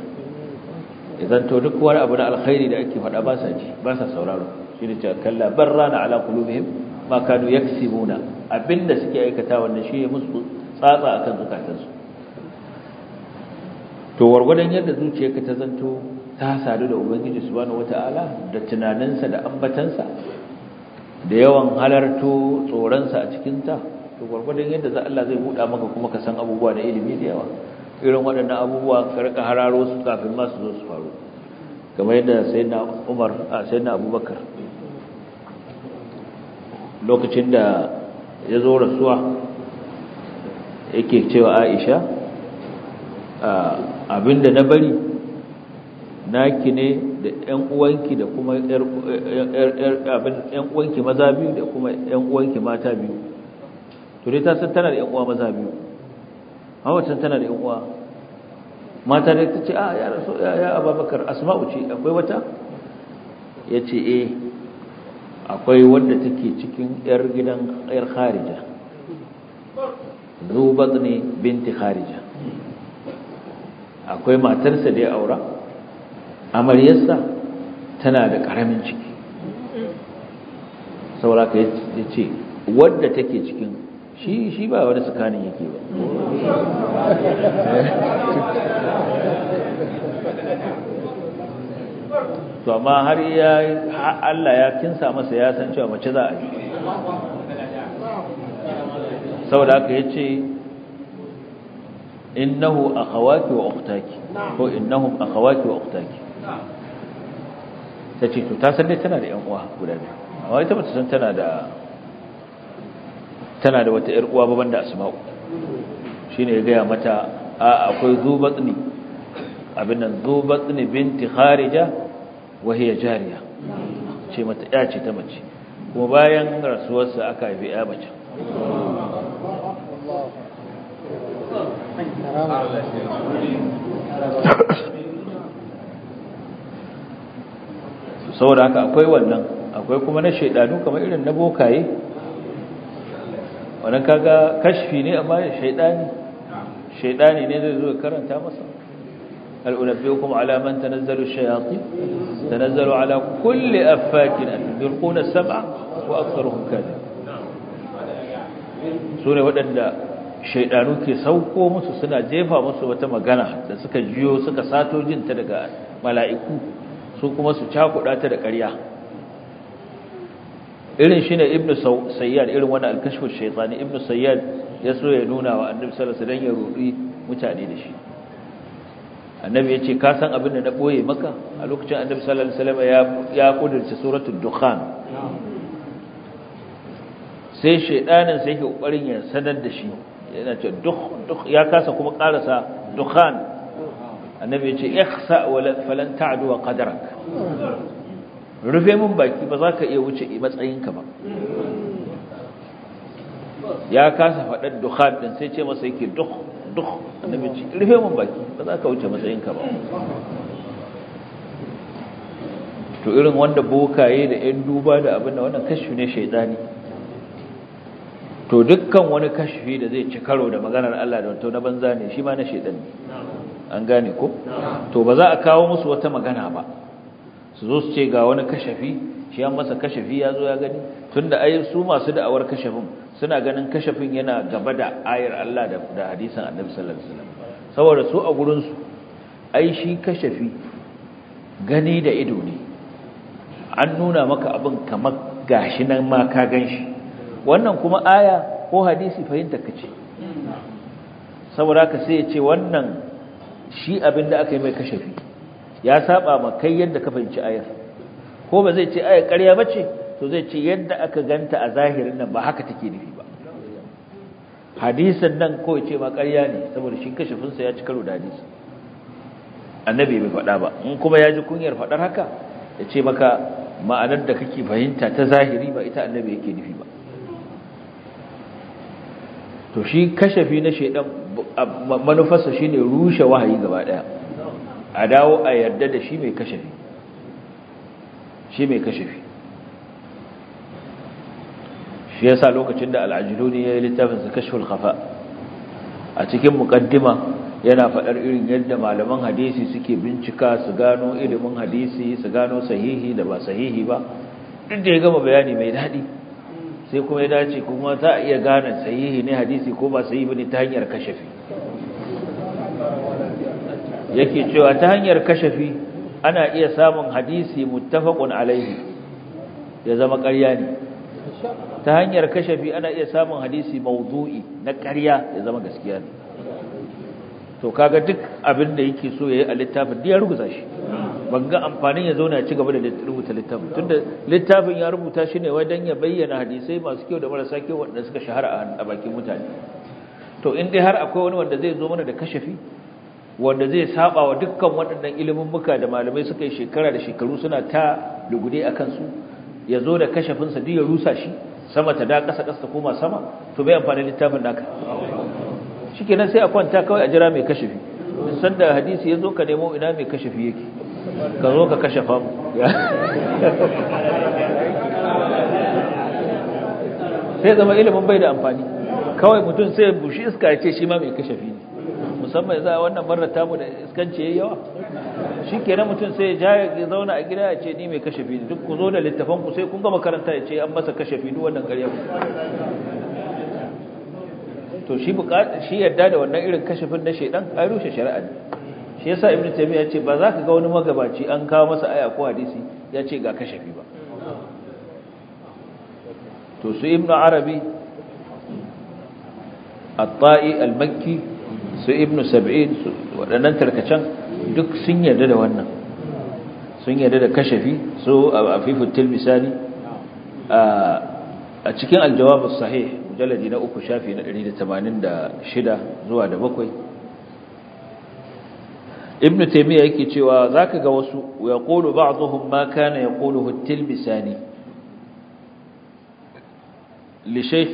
S3: idan to duk wani abu na alkhairi da ake faɗa ba sa ji ba sa sauraro shine cewa kalla barrana ala qulubihim ma kanu yaksibuna abinda suke aikata wannan shi ya musu tsatsa akan zukatansu to wargwadon yadda zuciyarka ta zanto ta sadu da ubangiji subhanahu wataala da tunaninsa da ambatansa da yawan halarto tsoronsa a cikinta to gwargwadon yadda za Allah zai buɗa maka kuma ka san abubuwa da ilimi da yawa irin waɗannan abubuwa ka rika hararo su kafin ma su zo su faru kamar yadda sayyidina Umar a sayyidina Abubakar lokacin da ya zo rasuwa yake cewa Aisha a abinda na bari naki ne da ƴan uwanki da kuma abin ƴan uwanki maza biyu da kuma ƴan uwanki mata biyu to dai ta san tana da ƴan uwa maza biyu hawa san tana da ƴan uwa mata da ta ce a ah, ya raso ya ababakar asma'u ce akwai wata ya ce eh akwai wanda take cikin ƴar gidan ƴar kharija zu ne binti kharija akwai matarsa da ya aura amaryarsa tana da ƙaramin ciki saboda ka ya ce wadda take cikin shi shi ba wani tsakanin yake ba
S2: to amma har ya Allah ya kinsa masa ya san cewa mace za a yi saboda
S3: yace innahu akhawaki wa ukhtaki ko innahum akhawaki wa ukhtaki sai to ta san dai tana da yan uwa guda biyu amma ita bata san tana da tana da wata yar uwa ba banda asma'u shine ya gaya mata a akwai zubatni abin nan zubatni binti kharija wa hiya jariya ce mata ya ce ta mace kuma bayan rasuwarsa aka haifi ya mace saboda haka akwai wannan akwai kuma na shaidanu kamar irin na bokaye
S2: wannan kaga kashfi ne amma shaidani
S3: shaidani ne zai zo karanta masa al'unabbiukum ala man tanazzalu shayatin tanazzalu ala kulli affakin yulquna sam'a wa aktharuhum kadhib
S2: sune waɗanda shaidanu ke sauko musu suna jefa musu wata magana da suka jiyo suka
S3: sato jinta daga mala'iku su kuma su cakuɗa ta da ƙarya irin shi ne ibn sayyad irin wani alkashfin shaitani ibn sayyad ya so ya nuna wa annabi sallallahu alaihi wasallam ya roɗi mutane da shi annabi ya ce ka san abin da na ɓoye maka a lokacin annabi sallallahu ya kudurci suratun dukhan sai shaidanin sai ke kokarin ya sanar da shi yana ce duk ya kasa kuma karasa dukhan annabi ya ce ihsa wala falan ta'du wa qadarak rufe mun baki ba za ka iya wuce matsayinka ba ya kasa fadar dukhan din sai ce masa yake duk duk annabi ce rufe mun baki ba za ka wuce matsayinka ba to irin wanda bokaye da ƴan duba da abin da wannan kashu ne shaytani to dukkan wani kashfi da zai ci karo da maganar Allah da wato na banza ne shi ma na shedan ne an gane ko to ba za a kawo musu wata magana ba su zo su ce ga wani kashfi shi an masa kashfi ya zo ya gani tunda ai su masu da'awar kashfin suna ganin kashfin yana gaba da ayar Allah da da hadisin Annabi sallallahu alaihi wasallam saboda su a gurin su ai shi kashafi gani da ido ne an nuna maka abin kamar gashi nan ma ka ganshi wannan kuma aya ko hadisi fahimta kace saboda ka sai ya ce wannan shi abin da aka yi mai kashafi ya saba ma kai yadda ka fahimci ayar ko ba zai ce ayar ƙarya ce, to zai ce yadda aka ganta a zahirin nan ba haka take nufi ba Hadisan nan ko ya ce ma ƙarya ne saboda shi kashafinsa ya ci karo da hadisi annabi bai faɗa ba in kuma ya ji kunyar faɗar haka ya ce maka ma'anar da kake fahimta ta zahiri ba ita annabi yake nufi ba to shi kashafi na shaidan manufarsa shine rushe wahayi gaba daya a dawo a yarda da shi mai kashafi shi mai kashafi shi yasa lokacin da ne ya yi littafin su kashful kafa. a cikin mukaddima yana faɗar irin yadda malaman hadisi suke bincika su gano ilimin hadisi su gano sahihi da ba sahihi ba duk da ya gama bayani mai daɗi sai kuma ya dace kuma za a iya gane sahihi ne hadisi ko ba sahihi bane ta hanyar kashafi
S2: yake cewa ta
S3: hanyar kashafi ana iya samun hadisi muttafaqun alaihi ya zama ƙarya ne ta hanyar kashafi ana iya samun hadisi mawdu'i na ƙarya ya zama gaskiya ne to kaga duk abin da yake so yayi a littafin da ya ruguza shi ban ga amfanin ya zauna a ci gaba da rubuta littafin tunda littafin ya rubuta shi ne wai ya bayyana hadisai masu kyau da marasa kyau wanda suka shahara a bakin mutane to in dai har akwai wani wanda zai zo mana da kashafi wanda zai saba wa dukkan waɗannan ilimin muka da malamai suka yi shekara da shekaru suna ta lugude a kansu ya zo da kashafinsa duk ya rusa shi sama ta da ƙasa ƙasa koma sama to bai amfani littafin naka shikenan sai a kwanta kawai a jira mai kashafi sanda hadisi ya zo ka nemo ina mai kashafi yake ka zo ka kashe fam sai zama ilimin bai da amfani kawai mutum sai bushi iska ya ce shi ma mai kashe ne musamman za a wannan marar tamu da iskanci ya yi yawa shi kenan mutum sai ya zauna a gida ya ce ni mai kashe ne duk ku zo da littafan ku sai kun gama karanta ya ce an masa kashe duk wannan karyar
S2: ku to shi
S3: yadda da wannan irin kashafin na shaidan a rushe shari'a ne shi yasa ibnu taymiya yace ba za ka ga wani magabaci an kawo masa aya ko hadisi yace ga kashafi ba to su ibnu arabi at-ta'i al-makki su ibnu sab'in waɗannan tarkacen duk sun yarda da wannan sun yarda da kashafi su afifu tilmisani a cikin al-jawab as-sahih mujalladi na uku shafi na 186 zuwa da bakwai. ibn taymiya yake cewa zaka ga wasu yaqulu ba'dhum ma kana yaquluhu at-tilmisani li shaykh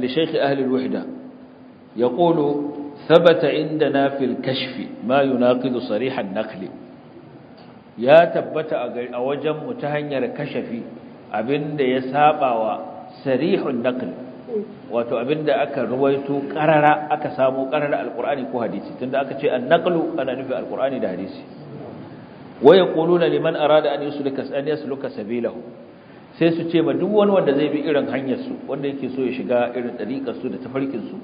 S3: li shaykh ahli al-wahda yaqulu thabata indana fil kashfi ma yunaqidu sarih an-naql ya tabbata a wajen mu ta hanyar kashafi abinda ya sabawa sarihun naql wato abinda aka ruwaito karara aka samu karara alqur'ani ko hadisi tunda aka ce annaqlu ana nufi alqur'ani da hadisi waya quluna liman arada an yusluka an yusluka sabilahu sai su ce ma duk wani wanda zai bi irin hanyar su wanda yake so ya shiga irin dariƙar su da tafarkin su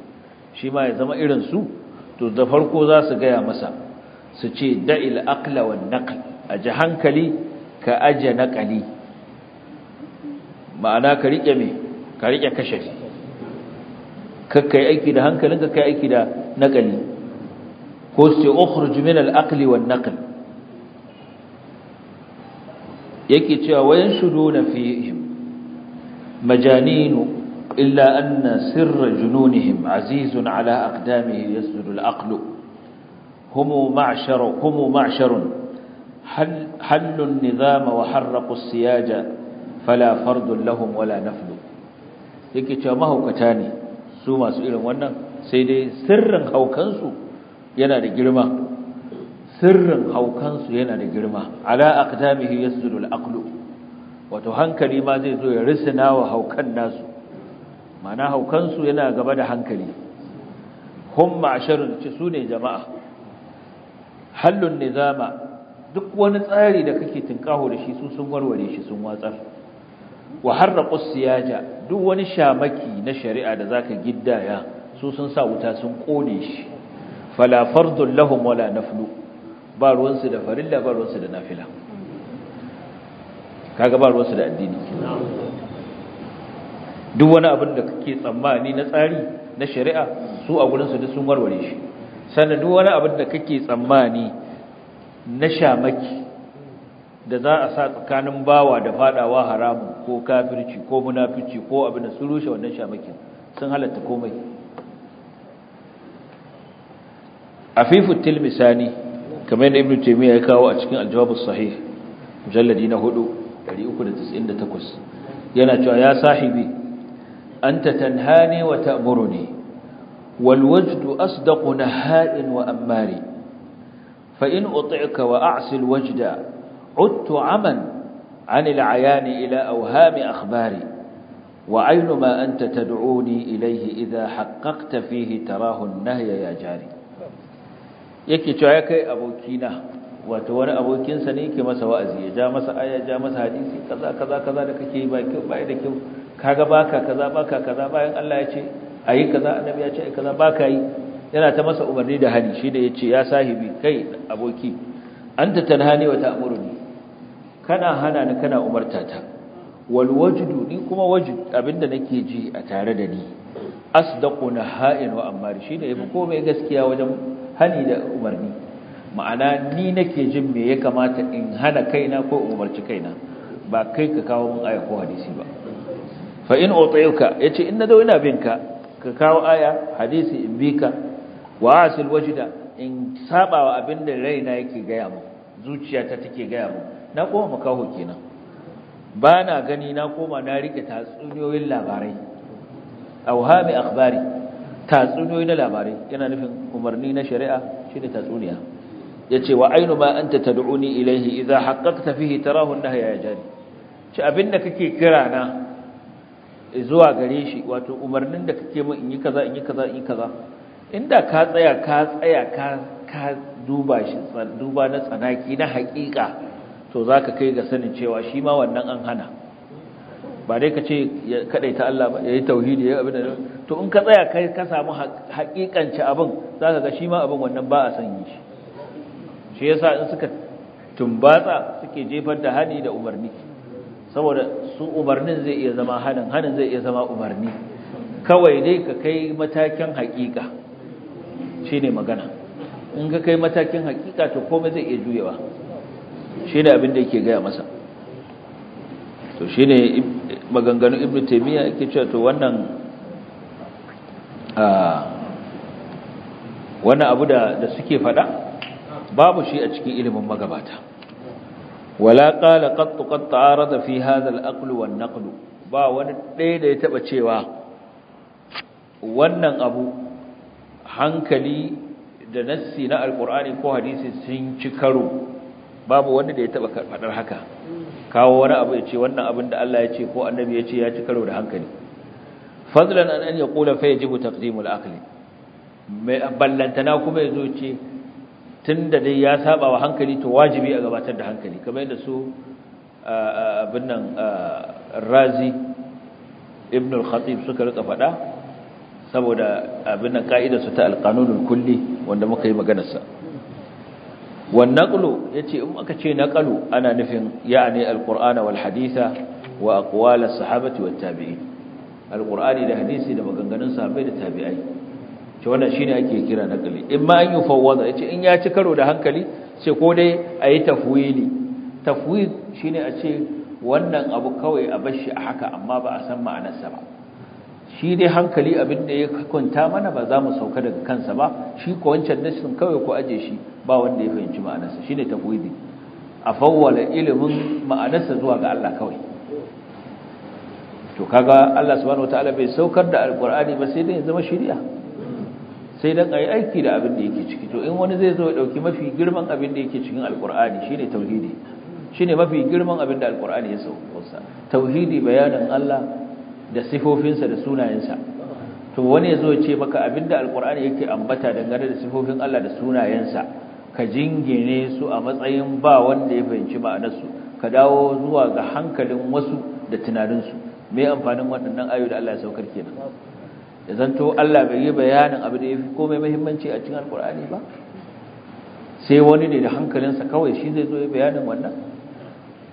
S3: shi ma ya zama irin su to da farko za su gaya masa su ce da'il aqla wan naql a ji hankali ka aje naqali ma'ana ka rike me ka rike kashafi kakkai aiki da hankalinka kai aiki da naqali ko sai ukhruj min al-aqli wal naql yake cewa wayan shuduna fihim majaninu illa anna sirra jununihim azizun ala aqdamihi yasdul al-aqlu humu ma'sharu humu ma'sharun hallu حلوا النظام وحرقوا siyaja fala fardun lahum wala naflu yake cewa mahaukata ne su masu irin wannan sai dai sirrin haukansu yana da girma sirrin haukansu yana da girma ala aqdamihi yasjudu al-aqlu wato hankali ma zai zo ya risina wa haukan nasu mana haukansu yana gaba da hankali hum ma'sharun ci su ne jama'a hallun nizama duk wani tsari da kake tinkaho da shi su sun warware shi sun watsar wa harraqu siyaja duk wani shamaki na shari'a da zaka giddaya su sun sa wuta sun kone shi fala fardun lahum wala naflu ba ruwan su da farilla ba ruwan su da nafila kaga ba ruwan su da addini duk wani abin da kake tsammani na tsari na shari'a su a gurin su duk sun warware shi sannan duk wani abin da kake tsammani na shamaki da za a sa tsakanin bawa da fadawa haramun ko kafirci ko munafici ko abin da su rushe wannan shamakin sun halatta komai afifu tilmisani kamar yadda Ibn taimiyya ya kawo a cikin aljawabus sahih jalladi na 4,398 yana cewa ya sahibi anta tanhani wa ta'muruni Walwajdu wajdu asdaqu haɗin wa ammari fa in uti'ka wa a'sil wajda عدت عما عن العيان إلى أوهام أخباري وعين ما أنت تدعوني إليه إذا حققت فيه تراه النهي يا جاري yake cewa ya kai abokina wato wani abokinsa ne yake masa wa'azi ya ja masa aya ja masa hadisi kaza kaza kaza da kake yi ba kyau ba da kyau kaga baka kaza baka kaza bayan Allah ya ce ayi kaza annabi ya ce ayi kaza baka yi yana ta masa umarni da hali shi da yace ya sahibi kai aboki anta tanhani wa ta'muruni kana hana ni kana umarta ta wal wajdu ni kuma wajid abinda nake ji a tare da ni asdaqu nahain wa ammar shine yafi komai gaskiya wajen hani da umarni ma'ana ni nake jin me ya kamata in hana kaina ko umarci kaina ba kai ka kawo mun aya ko hadisi ba fa in utayuka yace in na zo ina binka ka kawo aya hadisi in bi ka, wa asil wajda in sabawa abinda raina yake gaya mu zuciyata take gaya mu na koma makaho kenan ba na gani na koma na rike tatsuniyoyin labarai auhami akhbari tatsuniyoyi na labarai yana nufin umarni na shari'a shi ne tatsuniya yace wa ainu ma anta tad'uni ilayhi idha haqqaqta fihi tarahu an-nahya ya jari ci abinda kake kira na zuwa gare shi wato umarnin da kake min in yi kaza in yi kaza in yi kaza inda ka tsaya ka tsaya ka ka duba shi duba na tsanaki na haƙiƙa to za ka kai ga sanin cewa shi ma wannan an hana
S1: ba dai ka ce ya ta Allah ba ya yi tauhidi ya abin da
S3: to in ka tsaya kai ka samu haƙiƙanci abin za ka ga shi ma abin wannan ba a san yi shi shi yasa in suka tumbatsa suke jefar da hani da umarni saboda su umarnin zai iya zama hanin hanin zai iya zama umarni kawai dai ka kai matakin haƙiƙa ne magana in ka kai matakin haƙiƙa to komai zai iya juyewa shi ne abin da yake gaya masa to shi ne maganganun ibn taimiyya yake cewa to wannan wani abu da suke fada babu shi a cikin ilimin magabata wala qala qattu a ta'arada fi hadha al wa ba wani ɗaya da ya taɓa cewa wannan abu hankali da nassi na Alƙur'ani ko hadisi sun ci karo babu wanda da ya taba faɗar haka kawo wani abu ya ce wannan abin da Allah ya ce ko annabi ya ce ya ci karo da hankali fadlan an an yaqula fa yajibu taqdimul aqli mai ballantana kuma ya zo ce tunda dai ya saba wa hankali to wajibi a gabatar da hankali kamar yadda su abin nan razi ibn al-khatib suka rika faɗa saboda abin nan ka'idarsu ta al-qanunul kulli wanda muka yi maganar sa wan naqlu yace in aka ce naqalu ana nufin ya'ani alqur'ana wal haditha wa aqwal as-sahabati tabi'in alqur'ani da hadisi da maganganun sahabbai da tabi'ai ce wannan shine ake kira naqli in ma an yi fawwada yace in ya ci karo da hankali ce ko dai ayi tafwili tafwid shine a ce wannan abu kawai a bashi a haka amma ba a san ma'anar sa ba shi dai hankali abin da ya kwanta mana ba za mu sauka daga kansa ba shi ko wancan nassin kawai ko aje shi ba wanda ya fahimci ma'anarsa Shi ne tafwidi a fawwala ilimin ma'anarsa zuwa ga Allah kawai to kaga Allah subhanahu wataala bai saukar da alqur'ani ba sai dai ya zama shari'a sai dan ayi aiki da abin da yake ciki to in wani zai zo ya dauki mafi girman abin da yake cikin alqur'ani shine tauhidi shine mafi girman abin da alqur'ani ya sauka tauhidi bayanin Allah da sifofinsa da sunayensa to wani yazo ya ce maka abinda alqur'ani yake ambata dangane da sifofin Allah da sunayensa ka jingine su a matsayin ba wanda ya fahimci ma'anarsu ka dawo zuwa ga hankalin wasu da tunaninsu me amfanin waɗannan ayoyi da Allah ya saukar kenan ya zanto Allah bai yi bayanin abu da yafi komai muhimmanci a cikin alkur'ani ba sai wani ne da hankalinsa kawai shi zai zo ya bayanin wannan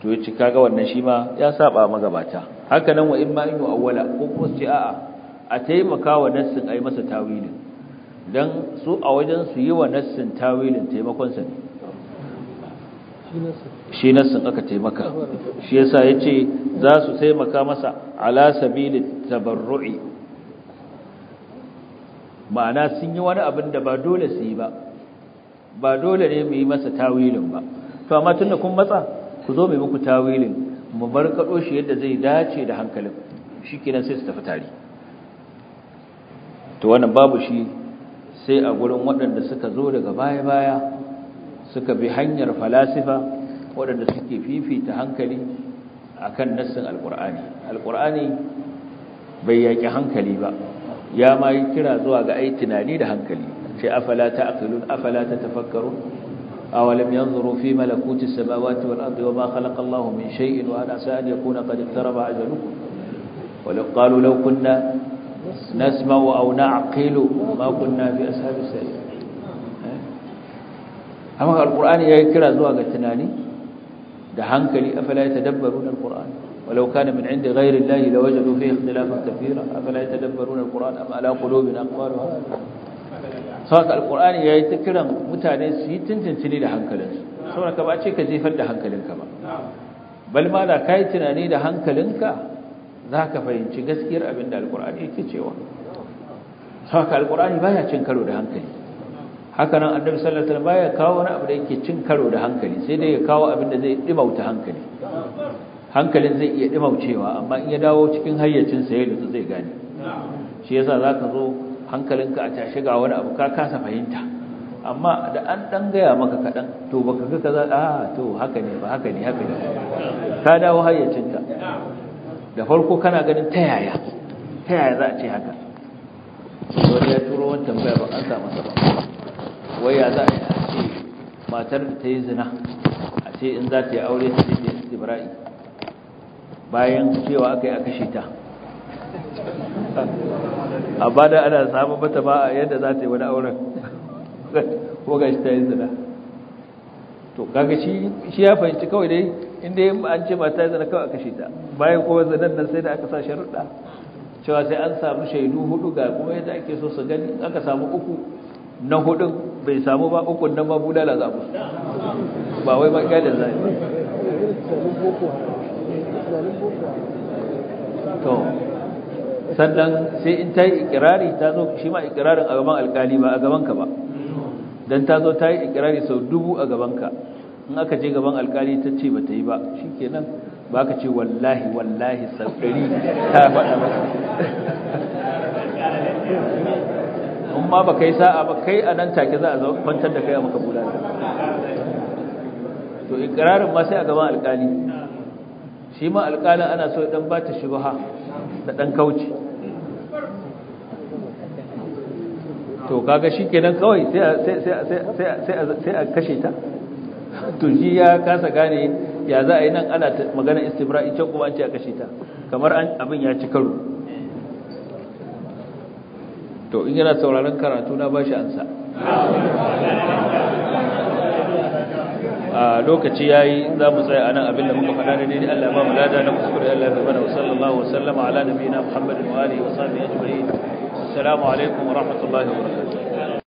S3: to ya ci kaga wannan shi ma ya saba magabata haka nan wa in ma in awwala ko kuma su ce a'a a taimaka wa nassin a yi masa tawilin don su a wajen su yi wa nassin tawilin sa ne shi nassin aka taimaka shi yasa ya ce za su taimaka masa ala sabilin tabarru'i ma'ana sun yi wani abin da ba dole su yi ba ba dole ne mu yi masa tawilin ba to amma tun da kun matsa ku zo mai muku tawilin mu barkado shi yadda zai dace da hankalin shi shikenan sai su tafi tare to wannan babu shi sai a gurin waɗanda suka zo daga baya-baya suka bi hanyar falasifa waɗanda suke fifita hankali akan nassin alkur'ani alkur'ani bai yaƙi hankali ba ya ma yi kira zuwa ga ai tunani da hankali sai afala ta aqilun afala ta tafakkarun أولم ينظروا في ملكوت السماوات والأرض وما خلق الله من شيء وأن عسى أن يكون قد اقترب أجلكم ولو قالوا لو كنا نسمع أو نعقل ما كنا في أصحاب السيئة أه؟ أما القرآن يكرى زواج التناني دحنك لي أفلا يتدبرون القرآن ولو كان من عند غير الله لوجدوا فيه اختلافا كثيرا أفلا يتدبرون القرآن أم على قلوب أقوالها saboda alqur'ani yayi ta kiran mutane su yi tuntuntuni da hankalinsu saboda ka ba ce ka jefar da hankalinka ba bal ma da kai tunani da hankalinka za ka fahimci gaskiyar abin da alqur'ani yake cewa saboda alqur'ani baya cin karo da hankali haka nan annabi sallallahu alaihi wasallam baya kawo wani abu da yake cin karo da hankali sai dai ya kawo abin da zai dimauta hankali hankalin zai iya dimaucewa amma in ya dawo cikin hayyacin sa da su zai gane shi yasa zaka zo hankalinka a tashe ga wani abu ka kasa fahimta amma da an dan gaya maka kaɗan to baka ga kaza a ah, to haka ne ba haka ne haka ne ka dawo hayyacinka da farko kana ganin ta yaya ta yaya za a ce haka wani ya turo wani tambaya ba an samu sa wai ya za a ce matar da ta yi zina a ce in za ta yi aure ta ce ta yi bayan cewa aka yi aka shi ta ba da ana samun mata ba yadda za ta yi wani auren ko ga shi ta yi zina to kaga shi ya fahimci kawai dai inda yin an ce mata yi zina kawai aka shi ta bayan kuma zinan nan sai da aka sa sharuɗa cewa sai an samu shaidu hudu ga kuma yadda ake so su gani aka samu uku na hudun bai samu ba uku nan ma bulala za
S2: mu ba wai ba kyalin zai to
S3: sannan sai in ta yi ikirari ta zo shi ma ikirarin a gaban alkali ba a gabanka ba don ta zo ta yi ikirari sau dubu a gabanka in aka je gaban alkali ta ce ba ta yi ba shi nan ba ka ce wallahi wallahi sabbari ta faɗa ba
S2: in ma ba kai sa'a ba
S3: kai a nan take za a kwantar da kai a maka bulala to ikirarin ma sai a gaban alkali shi ma alkalin ana so idan ba ta shubaha da ɗan kauci
S2: to kaga shi kenan kawai
S3: sai a kashe ta
S2: to shi ya kasa
S3: gane ya za a yi nan ana magana istibra'i can kuma an ce a kashe ta kamar abin ya ci karo to in yana sauraron karatu na ba shi ansa lokaci yayi za mu tsaya anan abin da muka faɗa da dai Allah ba mu lada na kuskure Allah ya bada sallallahu wa sallama ala nabiyina Muhammadin wa alihi wa sahbihi ajma'in assalamu alaikum wa rahmatullahi wa barakatuh